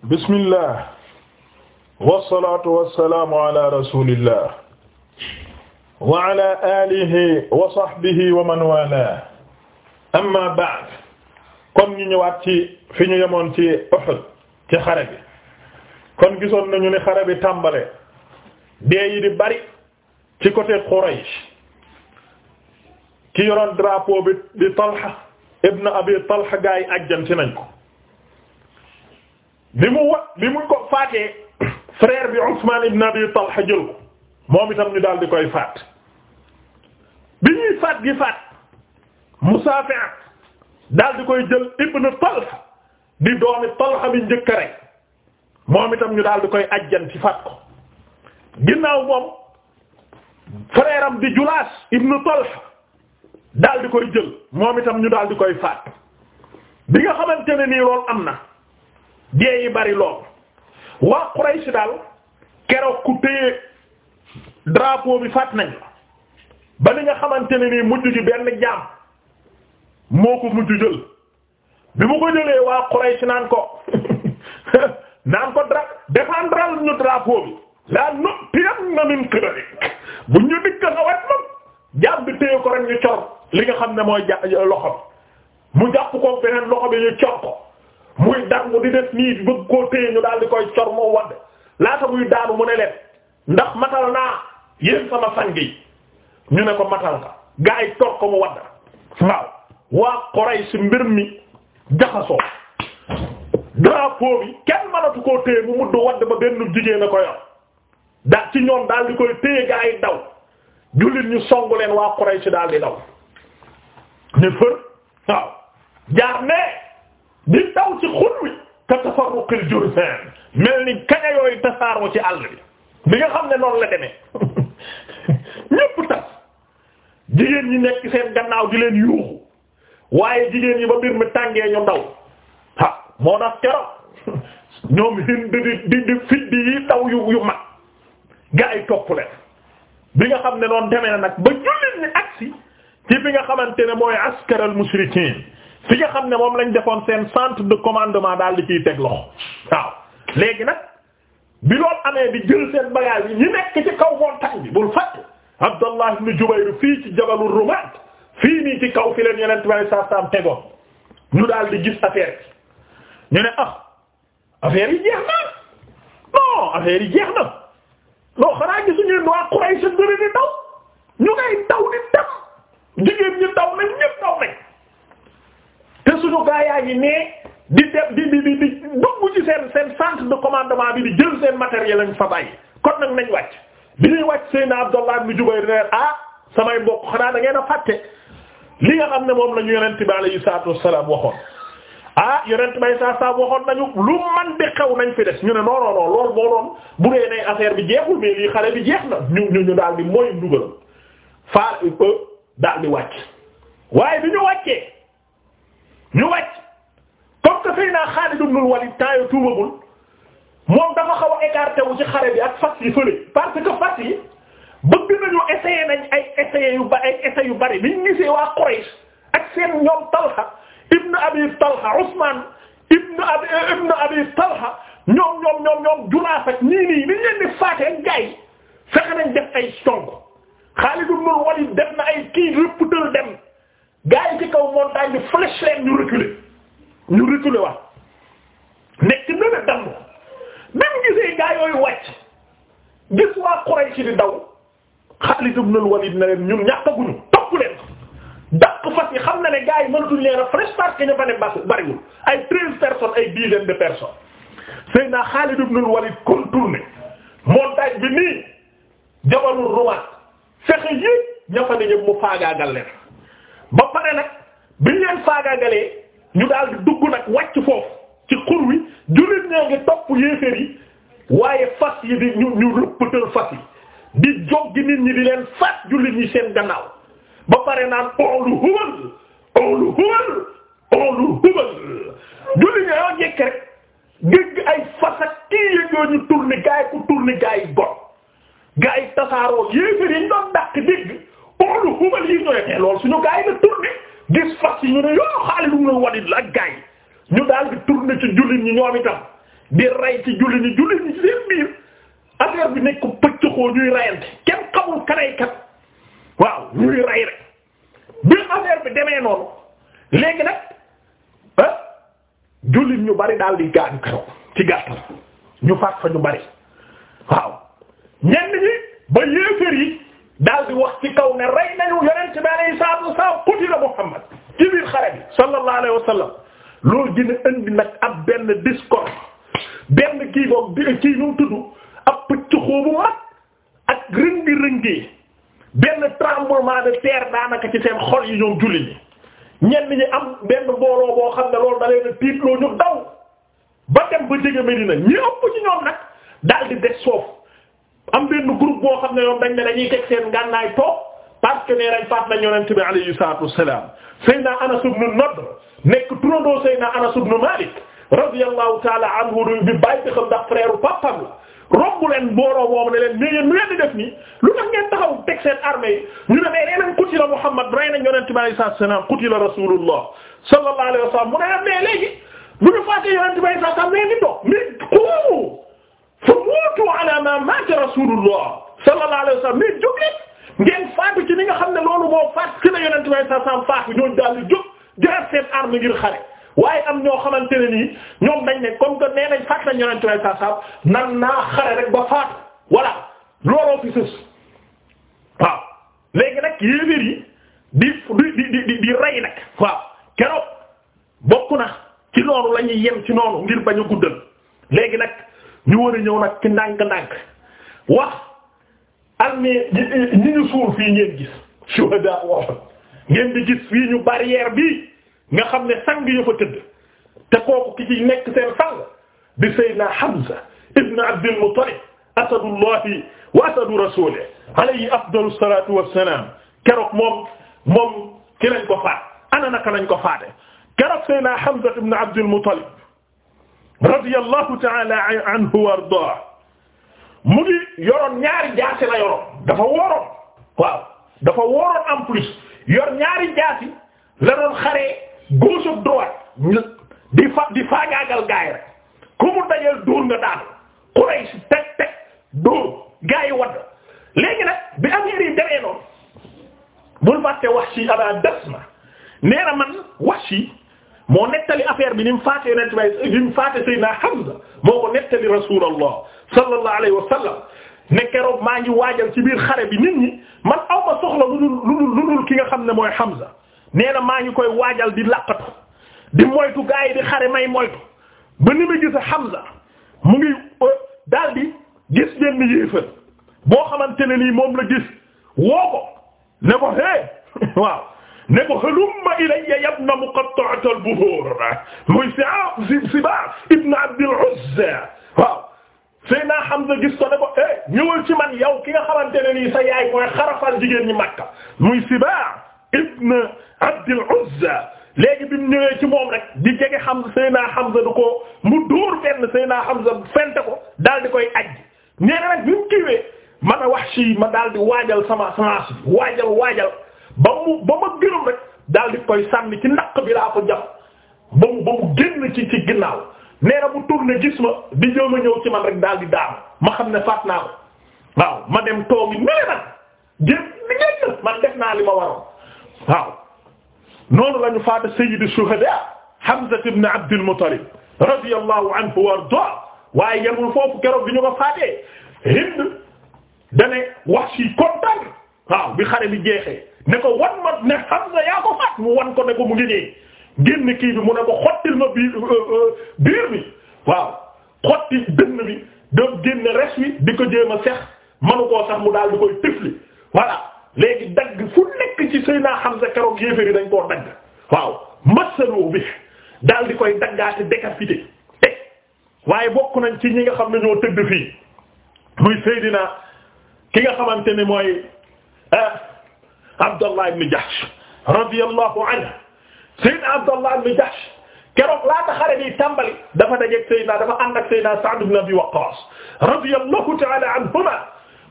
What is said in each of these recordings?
bismillah wasalaatu wasalaamu ala rasulillah wa ala alihi wa sahbihi wa man wala amma ba'd kon ñu ñëwaat ci fi ñu yemoon ci Uhud ci xare bi kon gisoon nañu ni xare bi tàmbale dee yi di bari ci côté Quraysh ki yoroon drapeau bi di Talha ibn Abi Talha gaay ajjanti nañ ko bi mu wa bi mu ko faatee frère bi Ousmane ibn Abi Talha jël ko moom itam ñu daal di koy faat bi ñuy faat gi faat Musaafi daal di koy jël ibn Talha di doomi Talha bi njëkk rek moom itam ñu daal di koy ajjan ci faat ko ginnaaw moom frère am Julaas ibn Talha daal koy jël moom itam ñu daal di koy faat bi nga xamante nii loolu am na. dee yi bari lool waa Quraysh daal keroog ku téye drapeau bi faat nañ ba ni nga xamante ne nii mujj gi benn jaam moo ko mujj jël bi mu ko jëlee waa Quraysh naan ko naan ko dra défendral ñu drapeau bi laa nu tiyam na min qibalik bu ñu dikk nga wet moom jaam bi téye ko rek ñu cor li nga xam ne mooy ja loxo bi mu jàpp ko beneen loxo bi ñu cor ko muy dangu di def nii bëgg koo téye ñu daal di koy cor moo wadd laata muy daanu mu ne leen ndax matal naa yéen sama sang yi ñu ne ko matal ka gaa yi toog ko mu wadd waaw waa Quraysh mbir mi jaxasoo drapeau bi kenn manatu koo téye mu mudd wadd ba benn jigéen a ko yor da ci ñoom daal di koy téye gaa yi daw jullit ñu songu leen waa Quraysh daal di daw ne fër waaw jaar ne di daw ci xul wi ka tafarruqil jurzan mel ni kaña yooyu tasaaroo ci àll bi bi nga xam ne noonu la demee ñépp tas jigéen yi nekk seen gannaaw di leen yuuxu waaye jigéen yi ba mbir mi tàngee ñu ndaw ah moo tax ñoom hind di di di fiddi yi taw yu yu mag gaa yi topp leen bi nga xam ne noonu demee na nag ba jullit ni agsi ci bi nga xamante ne mooy askaral mushrikiin fi nga xam ne moom lañ defoon seen centre de commandement daal di ciy teg loxo waaw léegi nag bi loolu amee bi jël seen bagage yi ñu nekk ci kaw montagne bi bul fàtt Abdallah ibn Jubayr fii ci jabalu Rumaat fii nii ci kaw fi leen yeneen tubaab yi saa saa am ñu daal di gis affaire bi ñu ne ah affaire yi jeex na non affaire yi jeex na non xanaa gisuñu waa Quraysh di daw ñu ngay daw di dem jigéen ñi daw nañ ñëpp daw nañ. te suñu gaayaay yi ne di def di di di dugg ci seen seen centre de commandement bi di jël seen matériel lañ fa bàyyi kon nag nañ wàcc bi ñuy wàcc Seydina Abdallah ibn Jubayr reer ah samay mbokk xanaa da ngeen a fàtte li nga xam ne moom la ñu yonent bi alayhi salaatu wassalaam waxoon ah yonent bay saa saa waxoon nañu lu man de xew nañ fi des ñu ne non non non loolu bu dee nay affaire bi jeexul mais lii xale bi jeex na ñu ñu ñu daal di mooy ndugal faar euh, daal di wàcc ñu wàcc comme que Seydina Xaalid ibn Walid taayo tuubagul moom dafa xaw a écarté wu ci xare bi ak fas yi fële parce que fas yi bëgg nañu essayer nañ ay essais yu ba ay essais yu bari biñ gisee waa Quraysh ak seen ñoom Talha ibn Abi Talha Ousmane ibn Abi ibn ñoom ñoom ñoom ñoom Junaas ak nii nii niñ gaay fexe nañ def ay song Xaalid ibn Walid def na ay kii rëpp dël dem gaa yi ci kaw montagne bi flèche leen ñu reculer ñu reculer wax nekk na la dang même gisee gaa yooyu wàcc gis waa Quraysh di daw Xaalid ibn al-Walid na leen ñun ñàkkaguñu topp leen dàq fas yi xam na ne gaa yi mënatuñ leen a flèche parce que ñu fa ne bas bariwul ay treize personnes ay dizaine de personnes Seydina Xaalid ibn al-Walid contourné montagne bi nii jabalul Rumaat fexe yépp ña fa ne ñëpp mu faagaagal leen ba pare nag biñ leen faagaagalee ñu daal dugg nag wàcc foofu ci xur wi jullit ñaa ngi topp yéeféer yi waaye fas yi di ñu ñu rëppatal fas yi di joggi nit ñi di leen faat jullit ñi seen gannaaw ba pare naan oolu hubal oolu hubal oolu hubal jullit ñi yoo jekk rek dégg ay fas ak kii yëg ñu tourné gaay ku tourné gaay got gaay tasaaroo yéeféer yi ñu doon dégg oolu xumal yi doyatee lool suñu gaa yi la tourné gis fas yi ñu ne yoo Xaalid ibn Walid ak gaa yi ñu daal di ci jullit ñi ñoom itam di rey ci jullit ñi seen biir affaire bi nekk pëccëxoo ñuy reyante kenn xamul kanaykat waaw ñuy rey rek bi affaire bi demee noonu léegi nag ah, jullit ñu bari daal di gaañu keroog ci gàttal ñu faat fa ñu bari waaw ñenn ñi ba yéeféer yi daal di wax ci kaw ne rey nañu yonent bi alayhi salaatu wasalaam qutila Muhammad ci biir xare bi sallallahu alayhi wa sallam loolu gën a indi nag ab benn discours benn kii boobu kii ñu tudd ab pëcc xoobu mag ak rëngi rëngi benn tremblement de daanaka ci seen xol yi ñoom julli ñi ñenn ñi am benn mbooloo boo xam ne loolu da leen tiitloo ñu daw ba dem ba jege Medina ñi ëpp ci ñoom nag daal di des soofu am benn groupe boo xam ne yoon dañ ne dañuy teg seen gànnaay toog parce que nee nañ faat nañ yonent bi alayhi salaatu wassalaam Seydina Anas ibn Nadr nekk turandoo Seydina Anas ibn Malik radiyallahu ta'ala anhu bi bàyyi bi xam ndax frère papam la romb leen mbooloo moom ne leen mais yéen nu leen di def nii lu tax ngeen taxaw teg seen armée yi ñu ne Muhammad rey nañ yonent bi alayhi salaatu wassalaam qutila rasulullah sallallahu alayhi wasallam mu ne leen mais léegi bu ñu faatee yonent anna maata rasulullah sallallahu alayhi wa sallam mais ci li xam ne moo faat ci la yonent way sa sam faatu ñooñu daal di jóg jëlaat seen am ñoo xamante ne nii ñoom dañ ne comme que nee nañ faat nañ yonent way sa sam naa xare rek ba faatu voilà looloo fi waaw léegi nag yéenéer yi di di di di rey nag waaw keroog bokk na ci noonu la ñuy yem ci noonu ngir bañ a guddal léegi nag ñu war a ñëw nag ci ndànk-ndànk wax armée ñi ñu suul fii ngeen gis shuhada wax ngeen di gis fii ñu barrière bi nga xam ne sang yo fa tëdd te kooku ki ci nekk seen sang di Seydina Hamza ibn Abdul Muttalib asadullahi wa asadu rasulih alayhi afdalu salatu wassalam keroog moom moom ki lañ ko faat ana naka lañ ko faate keroog Seydina Hamza ibn Abdul Muttalib radiyallahu ta'ala anhu wa ardaah mu ngi yoroon ñaari jaasi la yoroon dafa wóoroon waaw dafa wóoroon en plus yor ñaari jaasi la doon xaree gauche ak droite di fa di faagaagal gaay rek ku mu dajeel dóor nga daal Quraysh teg teg dóor gaay yi wadd léegi nag bi affaire yi demee noonu bul fàtte Wahshi Aba Dasma nee na man Wahshi moo nettali affaire bi ni mu faate yonent bi ni mu faate Seydina Hamza moo ko nettali Rasulullah sallallahu alayhi wa sallam ne keroog maa ngi waajal ci biir xare bi nit ñi man aw ma soxla lu dul lu dul ki nga xam ne mooy Hamza nee na maa ngi koy waajal di laqatu di moytu gaa yi di xare may moytu ba ni ma gis Hamza mu ngi euh, daal di gis benn yéefal boo xamante ne nii moom la gis woo ko ne ko hé waaw. ne ko halumma ilayya yabna muqatta'at al-buhur muy Sibaas ah, ibn Abd al-Uzza waaw Seydina Hamza gis ko ne ko eh ñëwal ci man yow ki nga xamante ne nii sa yaay mooy xarafal jigéen ñi Makka muy Sibaas ibn Abd al-Uzza bi mu ñëwee ci moom rek di jege Hamza xam Hamza du ko mu na fenn Seydina Hamza fente ko daal di koy ajj nee na nag bi mu kiiwee man a ma daal di waajal sama semence bi waajal waajal. ba mu ba ma gërëm rek koy sànni ci ndaq bi ba mu ba ci ci ginnaaw nee bu tourné gis ma di ñëw ma ñëw ci man rek daal di daanu ma xam ne faat naa waaw ma dem toogi nele nag génn ni génn man naa li ma waroon waaw noonu la ñu faata sayyidu shuhada Hamza ibn Abdul Muttalib radiyallahu anhu wa ardaa waaye yemul foofu keroog bi ñu ko faatee Hind dane wax si bi xare bi jeexee ne ko wan ma ne Hamza yaa ko faat mu wan ko ne ko mu ngi dee génn kii bi mu ne ko xottil ma biir euh, euh, biir bi waaw xotti dënn bi da génn res wi di ko jéem a sex manu koo sax mu daal di koy tifli léegi dagg fu nekk ci Seydina Hamza keroog yéeféri dañ koo dagg waaw masaloo bi daal di koy daggaate décapité teg eh, waaye bokk nañ ci ñi nga xam ne ñoo tëdd fii muy Seydina ki nga xamante ni mooy euh, Abdallah ibn Jahsh radiyallahu anhu Sayyid Abdallah ibn Jahsh keroog laata xare bi tàmbali dafa dajeeg Sayyidina dafa ànd ak Sayyidina Sa'd ibn Abi Waqqas radiyallahu ta'ala anhuma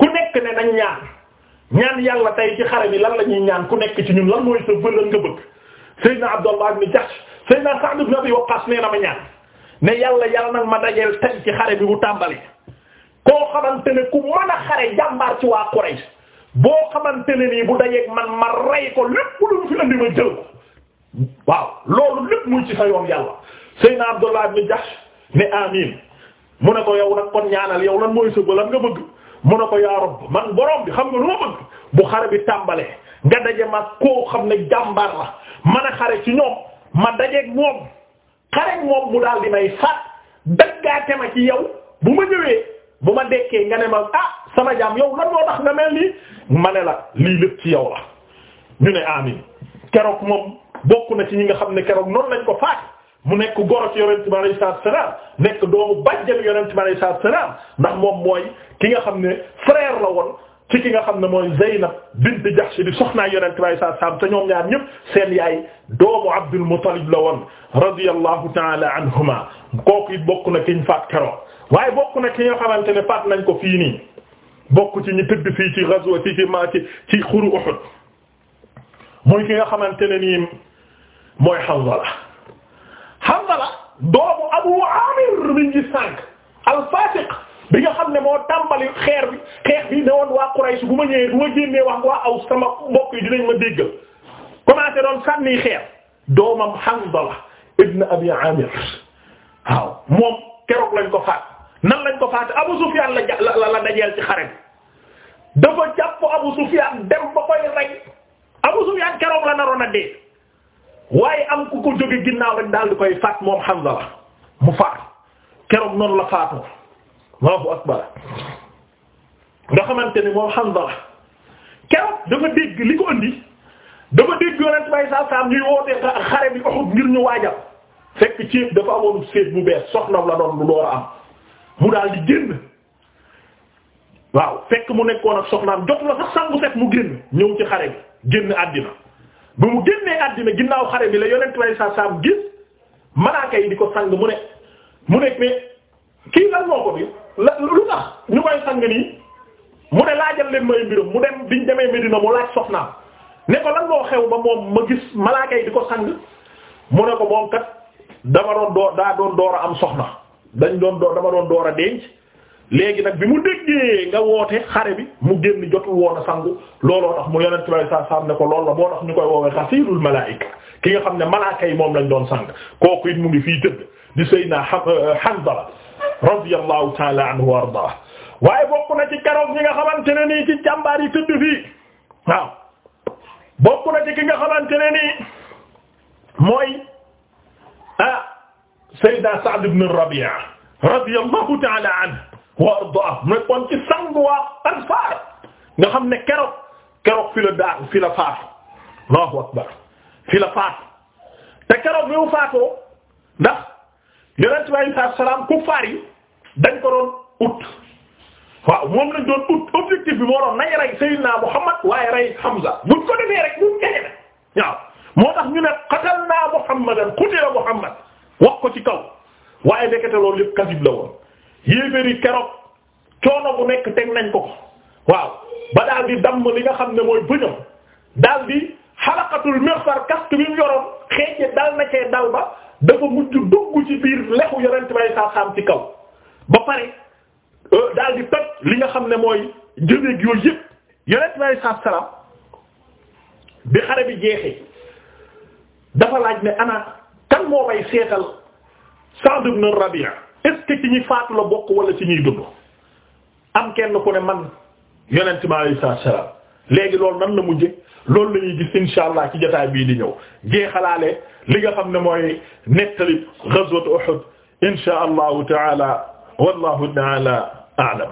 ku nekk ne nañ ñaan ñaan yàlla tey ci xare bi lan la ñuy ñaan ku nekk ci ñun lan mooy sa bëral nga bëgg Sayyidina Abdallah ibn Jahsh Sayyidina Sa'd na ma ñaan ne yàlla yàlla nag ma dajeel tey ci xare bi bu tàmbali koo xamante ne ku mën a xare jàmbaar ci waa Quraysh boo xamante ne nii bu dajeeg man ma rey ko lépp lu mu fi andi ma jël ko waaw loolu lépp muy ci sa yoon yàlla Seydina Abdullah ibn Jahsh ne amin mu ne ko yow nag kon ñaanal yow lan mooy sa lan nga bëgg mu ne ko yaa rabb man boroom bi xam nga lu ma bëgg bu xare bi tàmbalee nga daje ma koo xam ne jàmbaar la man a xare ci ñoom ma dajeeg moom xare moom mu daal di may faat daggaate ma ci yow bu ma ñëwee bu ma dekkee nga ne ma ah sama jaam yow lan moo tax nga mel ma ne la lii lépp ci yow la ñu ne amin keroog moom bokk na ci ñi nga xam ne keroog noonu lañ ko faat mu nekk goro ci yonent bi alayhi salaatu salaam nekk doomu bàjjal yonent bi alayhi salaatu salaam ndax moom mooy ki nga xam ne frère la woon ki nga xam ne mooy Zeynab bint Jahsh di soxnaa yonent bi alayhi salaatu salaam te ñoom ñaar ñëpp seen yaay doomu Abdul Muttalib la woon radiyallahu ta'ala anhuma kook it bokk na kiñ faat waaye bokk na ci ñoo xamante ne faat nañ ko fii nii bokk ci ñu tëdd fii ci ghazwa ci ci ma ci ci xuru Uhud muy ki nga xamante ne nii mooy Hanzala Hanzala doomu Abu Amir mi ngi al-Fasiq bi nga xam ne moo tàmbali xeer bi xeex bi woon waa Quraysh bu ma ñëwee bu ma génnee wax waa aw sama mbokk yi dinañ ma déggal commencé doon sànni xeer doomam Hanzala ibn Abi Amir waaw moom keroog lañ ko faat nan lañ ko faate Abu Sufyaan la la la dajeel ci xare bi dafa jàpp Abu Sufyaan dem ba koy rey Abu Sufyaan keroog la naroon a dee waaye am ku ko jóge ginnaaw rek daal di koy faat moom Hanzala mu faat keroog noonu la faatoo Allahu akbar xamante ni moom Hanzala keroog dafa dégg li ko andi dafa dégg Yonent bay saa saam ñuy wootee xare bi Uhud ngir ñu waajal fekk ci dafa amoon séet bu bees soxnaw la doon lu door a am. mu daal di génn waaw fekk mu nekkoon ak soxnaam jotu la sax sangu set mu génn ñëw ci xare bi génn àddina ba mu génnee àddina ginnaaw xare bi la yonent way sa saam gis malaaka yi di ko sang mu ne mu ne mais kii moo bi la ñu koy sang mu ne laajal leen may mbiram mu dem biñ demee Medina mu laaj soxnaam ne ko lan moo xew ba moom ma gis malaaka yi di ko sang mu ne ko moom kat dama doon doo daa doon door a am soxna dañ doon doo dama doon door a denc léegi nag bi mu déggee nga woote xare bi mu génn jotul woon a sangu looloo tax mu yonent bi saa saam ne ko loolu la boo tax ñu koy woowee xasiirul malaayika ki nga xam ne malaaka yi moom lañ doon sang kooku it mu ngi fii tëdd di Seydina Hanzala radiyallahu ta'ala anhu wa ardaa waaye bokk na ci keroog ñi nga xamante ne nii ci jàmbaar yi tëdd fii waaw bokk na ci ki nga xamante ne nii mooy Sayyidina Sa'd ibn Rabi'a radiyallahu ta'ala anhu wa ardaahu nekkoon ci sangu waa Ansaar nga xam ne keroog keroog fi la daa fi la faatu Allahu akbar fi la faatu te keroog bi mu faatoo ndax Yonent bi alayhi salaatu wa salaam kuffaar yi dañ ko doon ut waaw moom lañ doon ut objectif bi moo doon nañ rey Sayyidina Muhammad waaye rey Hamza buñ ko defee rek buñ jafe na waaw moo tax ñu ne qatalnaa Muhammadan qutila Muhammad loolu lépp kasib la woon yéeféeri keroog coono bu nekk teg nañ ko ko waaw ba daal damm li nga xam ne mooy bëñam daal di xalaqatul mixfar casque bi mu yoroon xeece dal na dal ba dafa mujj dugg ci biir lexu yonent bay saa saam ci kaw ba pare euh, daal di li nga xam ne mooy jëneeg yooyu yëpp yonent bay saa salaam bi xare bi jeexee dafa laaj ne ana kan moo may seetal Sa'd ibn Rabi' est ce que ci ñi faatu la bokk wala ci ñuy dund am kenn ku ne man yonent bi alayhi salaam léegi loolu nan la mujje loolu la ñuy gis insha allah ci jotaay bii di ñëw jeexalaale li nga xam ne mooy nettali ghazwat Uhud insha allahu taala wallahu taala a'lam